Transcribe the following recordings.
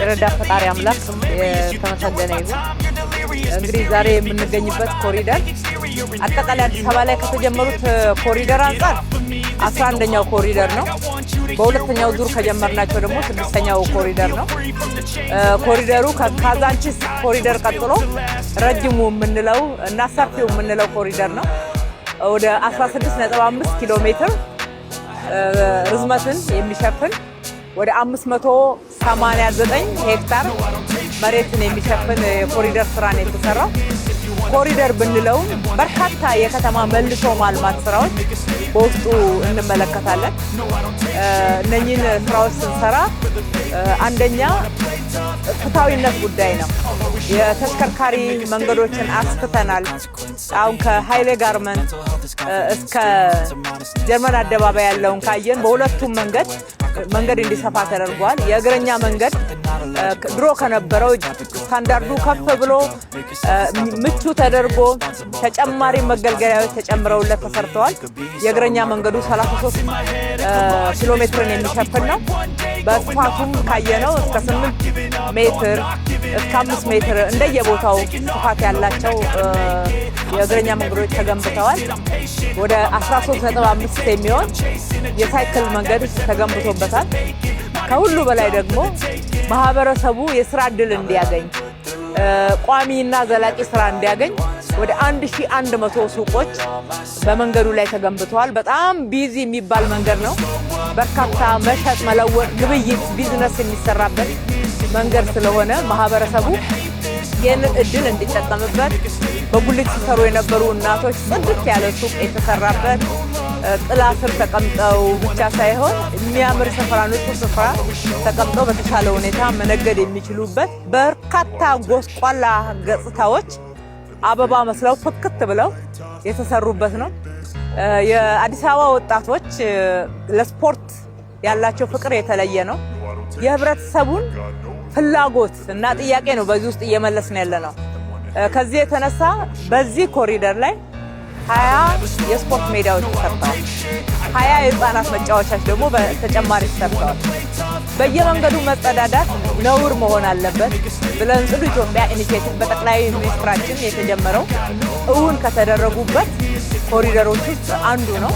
የረዳ ፈጣሪ አምላክ የተመሰገነ ይሁን። እንግዲህ ዛሬ የምንገኝበት ኮሪደር አጠቃላይ አዲስ አበባ ላይ ከተጀመሩት ኮሪደር አንጻር አስራ አንደኛው ኮሪደር ነው። በሁለተኛው ዙር ከጀመርናቸው ደግሞ ስድስተኛው ኮሪደር ነው። ኮሪደሩ ከካዛንቺስ ኮሪደር ቀጥሎ ረጅሙ የምንለው እና ሰፊው የምንለው ኮሪደር ነው። ወደ 16.5 ኪሎ ሜትር ርዝመትን የሚሸፍን ወደ 589 ሄክታር መሬትን የሚሸፍን የኮሪደር ስራ ነው የተሰራው። ኮሪደር ብንለውም በርካታ የከተማ መልሶ ማልማት ስራዎች በውስጡ እንመለከታለን። እነኚህን ስራዎች ስንሰራ አንደኛ ፍትሐዊነት ጉዳይ ነው። የተሽከርካሪ መንገዶችን አስፍተናል። አሁን ከሀይሌ ጋርመንት እስከ ጀርመን አደባባይ ያለውን ካየን በሁለቱም መንገድ መንገድ እንዲሰፋ ተደርጓል። የእግረኛ መንገድ ድሮ ከነበረው ስታንዳርዱ ከፍ ብሎ ምቹ ተደርጎ ተጨማሪ መገልገያዎች ተጨምረውለት ተሰርተዋል። የእግረኛ መንገዱ 33 ኪሎ ሜትርን የሚሸፍን ነው። በስፋቱም ካየነው እስከ 8 ሜትር እስከ አምስት ሜትር እንደየቦታው ስፋት ያላቸው የእግረኛ መንገዶች ተገንብተዋል። ወደ 13.5 የሚሆን የሳይክል መንገድ ተገንብቶበታል። ከሁሉ በላይ ደግሞ ማህበረሰቡ የስራ እድል እንዲያገኝ ቋሚና ዘላቂ ስራ እንዲያገኝ ወደ 1100 ሱቆች በመንገዱ ላይ ተገንብተዋል። በጣም ቢዚ የሚባል መንገድ ነው። በርካታ መሸጥ፣ መለወጥ፣ ግብይት፣ ቢዝነስ የሚሰራበት መንገድ ስለሆነ ማህበረሰቡ ይህንን እድል እንዲጠቀምበት በጉልት ሲሰሩ የነበሩ እናቶች ጽድት ያለ ሱቅ የተሰራበት ጥላ ስር ተቀምጠው ብቻ ሳይሆን የሚያምር ስፍራ፣ ንጹህ ስፍራ ተቀምጠው በተሻለ ሁኔታ መነገድ የሚችሉበት በርካታ ጎስቋላ ገጽታዎች አበባ መስለው ፍክት ብለው የተሰሩበት ነው። የአዲስ አበባ ወጣቶች ለስፖርት ያላቸው ፍቅር የተለየ ነው። የህብረተሰቡን ፍላጎት እና ጥያቄ ነው በዚህ ውስጥ እየመለስን ያለ ነው። ከዚህ የተነሳ በዚህ ኮሪደር ላይ ሀያ የስፖርት ሜዳዎች ተሰርተዋል። ሀያ የህፃናት መጫወቻዎች ደግሞ በተጨማሪ ተሰርተዋል። በየመንገዱ መጸዳዳት ነውር መሆን አለበት ብለን ጽዱ ኢትዮጵያ ኢኒሼቲቭ በጠቅላይ ሚኒስትራችን የተጀመረው እውን ከተደረጉበት ኮሪደሮች ውስጥ አንዱ ነው።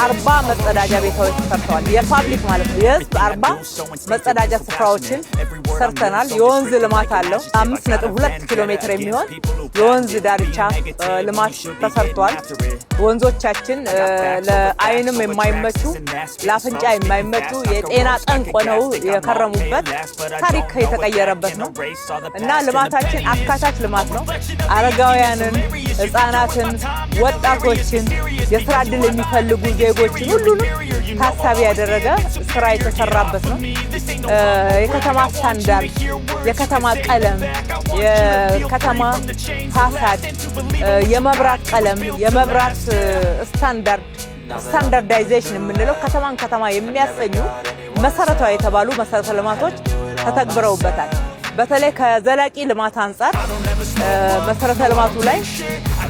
አርባ መጸዳጃ ቤቶች ሰርተዋል። የፓብሊክ ማለት ነው የህዝብ አርባ መጸዳጃ ስፍራዎችን ሰርተናል። የወንዝ ልማት አለው። አምስት ነጥብ ሁለት ኪሎ ሜትር የሚሆን የወንዝ ዳርቻ ልማት ተሰርቷል። ወንዞቻችን ለአይንም የማይመቹ ለአፍንጫ የማይመቹ የጤና ጠንቅ ሆነው የከረሙበት ታሪክ የተቀየረበት ነው እና ልማታችን አካታች ልማት ነው። አረጋውያንን፣ ህጻናትን፣ ወጣቶችን የስራ እድል የሚፈልጉ ዜጎችን ሁሉንም ታሳቢ ያደረገ ስራ የተሰራበት ነው። የከተማ ስታንዳርድ፣ የከተማ ቀለም፣ የከተማ ፋሳድ፣ የመብራት ቀለም፣ የመብራት ስታንዳርድ ስታንዳርዳይዜሽን የምንለው ከተማን ከተማ የሚያሰኙ መሰረታዊ የተባሉ መሰረተ ልማቶች ተተግብረውበታል። በተለይ ከዘላቂ ልማት አንጻር መሰረተ ልማቱ ላይ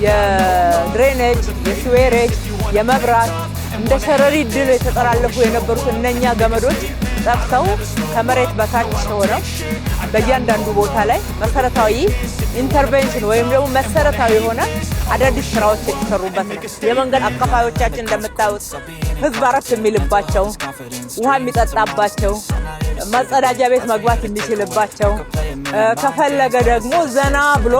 የድሬኔጅ፣ የስዌሬጅ፣ የመብራት እንደ ሸረሪት ድል የተጠላለፉ የነበሩት እነኛ ገመዶች ጠፍተው ከመሬት በታች ሆነው በእያንዳንዱ ቦታ ላይ መሰረታዊ ኢንተርቬንሽን ወይም ደግሞ መሰረታዊ የሆነ አዳዲስ ስራዎች የተሰሩበት ነው። የመንገድ አካፋዮቻችን እንደምታዩት ህዝብ አረፍ የሚልባቸው ውሃ የሚጠጣባቸው መጸዳጃ ቤት መግባት የሚችልባቸው ከፈለገ ደግሞ ዘና ብሎ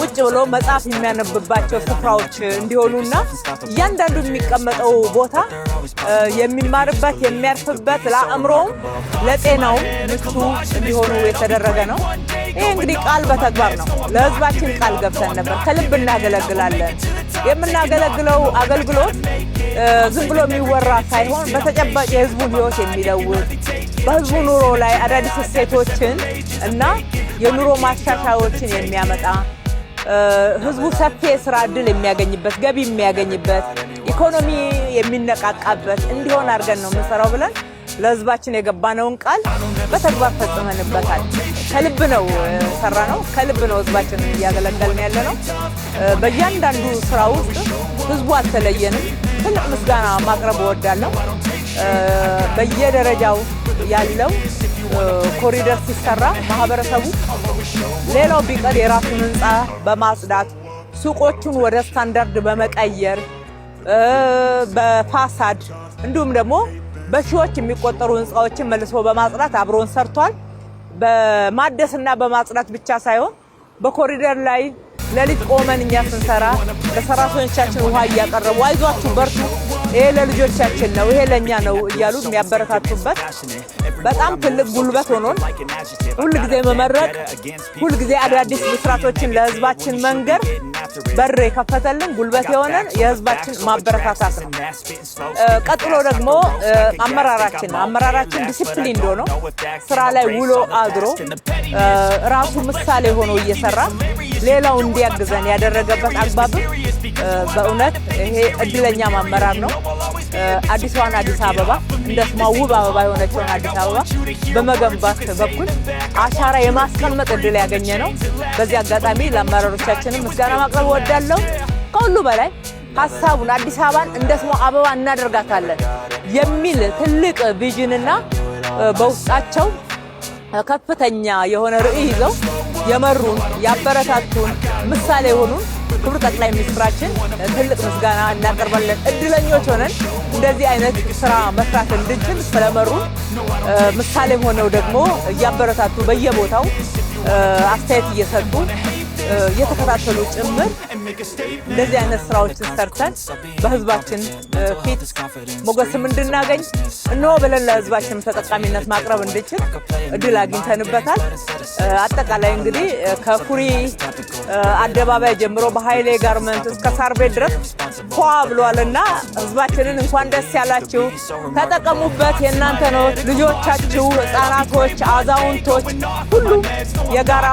ቁጭ ብሎ መጽሐፍ የሚያነብባቸው ስፍራዎች እንዲሆኑና እያንዳንዱ የሚቀመጠው ቦታ የሚማርበት የሚያርፍበት ለአእምሮውም ለጤናውም ምቹ እንዲሆኑ የተደረገ ነው። ይህ እንግዲህ ቃል በተግባር ነው። ለህዝባችን ቃል ገብተን ነበር። ከልብ እናገለግላለን። የምናገለግለው አገልግሎት ዝም ብሎ የሚወራ ሳይሆን በተጨባጭ የህዝቡን ህይወት የሚለውጥ በህዝቡ ኑሮ ላይ አዳዲስ እሴቶችን እና የኑሮ ማሻሻያዎችን የሚያመጣ ህዝቡ ሰፊ የስራ እድል የሚያገኝበት ገቢ የሚያገኝበት ኢኮኖሚ የሚነቃቃበት እንዲሆን አድርገን ነው የምንሰራው ብለን ለህዝባችን የገባነውን ቃል በተግባር ፈጽመንበታል። ከልብ ነው ሰራ ነው፣ ከልብ ነው ህዝባችን እያገለገልን ያለ ነው። በእያንዳንዱ ስራ ውስጥ ህዝቡ አልተለየንም። ትልቅ ምስጋና ማቅረብ እወዳለሁ። በየደረጃው ያለው ኮሪደር ሲሰራ ማህበረሰቡ ሌላው ቢቀር የራሱን ህንፃ በማጽዳት ሱቆቹን ወደ ስታንዳርድ በመቀየር በፋሳድ እንዲሁም ደግሞ በሺዎች የሚቆጠሩ ህንፃዎችን መልሶ በማጽዳት አብሮን ሰርቷል። በማደስና በማጽዳት ብቻ ሳይሆን በኮሪደር ላይ ለሊት ቆመን እኛ ስንሰራ ለሰራተኞቻችን ውሃ እያቀረቡ አይዟችሁ በርቱ፣ ይሄ ለልጆቻችን ነው፣ ይሄ ለእኛ ነው እያሉ የሚያበረታቱበት በጣም ትልቅ ጉልበት ሆኖን ሁልጊዜ መመረቅ፣ ሁልጊዜ አዳዲስ ምስራቶችን ለህዝባችን መንገር በር የከፈተልን ጉልበት የሆነን የህዝባችን ማበረታታት ነው። ቀጥሎ ደግሞ አመራራችን ነው። አመራራችን ዲሲፕሊን ሆኖ ስራ ላይ ውሎ አድሮ ራሱ ምሳሌ ሆኖ እየሰራ ሌላው እንዲያግዘን ያደረገበት አግባብም በእውነት ይሄ እድለኛ ማመራር ነው። አዲሷን አዲስ አበባ እንደ ስሟ ውብ አበባ የሆነችውን አዲስ አበባ በመገንባት በኩል አሻራ የማስቀመጥ እድል ያገኘ ነው። በዚህ አጋጣሚ ለአመራሮቻችንም ምስጋና ማቅረብ እወዳለሁ። ከሁሉ በላይ ሀሳቡን አዲስ አበባን እንደ ስሟ አበባ እናደርጋታለን የሚል ትልቅ ቪዥንና በውስጣቸው ከፍተኛ የሆነ ርዕይ ይዘው የመሩን ያበረታቱን ምሳሌ የሆኑን ክቡር ጠቅላይ ሚኒስትራችን ትልቅ ምስጋና እናቀርባለን። እድለኞች ሆነን እንደዚህ አይነት ስራ መስራት እንድንችል ስለመሩ ምሳሌ ሆነው ደግሞ እያበረታቱ በየቦታው አስተያየት እየሰጡ የተከታተሉ ጭምር እንደዚህ አይነት ስራዎችን ሰርተን በህዝባችን ፊት ሞገስም እንድናገኝ እነሆ ብለን ለህዝባችን ተጠቃሚነት ማቅረብ እንድችል እድል አግኝተንበታል። አጠቃላይ እንግዲህ ከኩሪ አደባባይ ጀምሮ በሀይሌ ጋርመንት እስከ ሳር ድረስ ድረስ ብሏል እና ህዝባችንን እንኳን ደስ ያላችሁ፣ ተጠቀሙበት። የእናንተ ነው። ልጆቻችሁ፣ ህፃናቶች አዛውንቶች ሁሉም የጋራ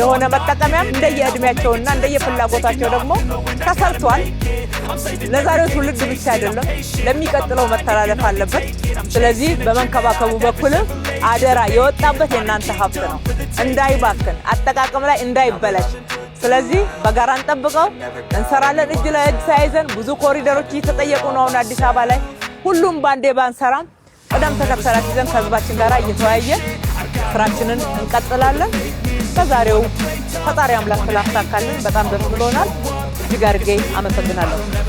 የሆነ መጠቀሚያም እንደየእድሜያቸውና እንደየፍላጎታቸው ደግሞ ተሰርቷል። ለዛሬው ትውልድ ብቻ አይደለም፣ ለሚቀጥለው መተላለፍ አለበት። ስለዚህ በመንከባከቡ በኩል አደራ፣ የወጣበት የእናንተ ሀብት ነው፣ እንዳይባክን፣ አጠቃቀም ላይ እንዳይበላሽ። ስለዚህ በጋራ እንጠብቀው፣ እንሰራለን። እጅ ለእጅ ሳይዘን ብዙ ኮሪደሮች እየተጠየቁ ነው አሁን አዲስ አበባ ላይ። ሁሉም ባንዴ ባንሰራም ቅደም ተከተላት ይዘን ከህዝባችን ጋር እየተወያየን ስራችንን እንቀጥላለን። ከዛሬው ፈጣሪ አምላክ ስላሳካልን በጣም ደስ ብሎናል። እጅግ አድርጌ አመሰግናለሁ።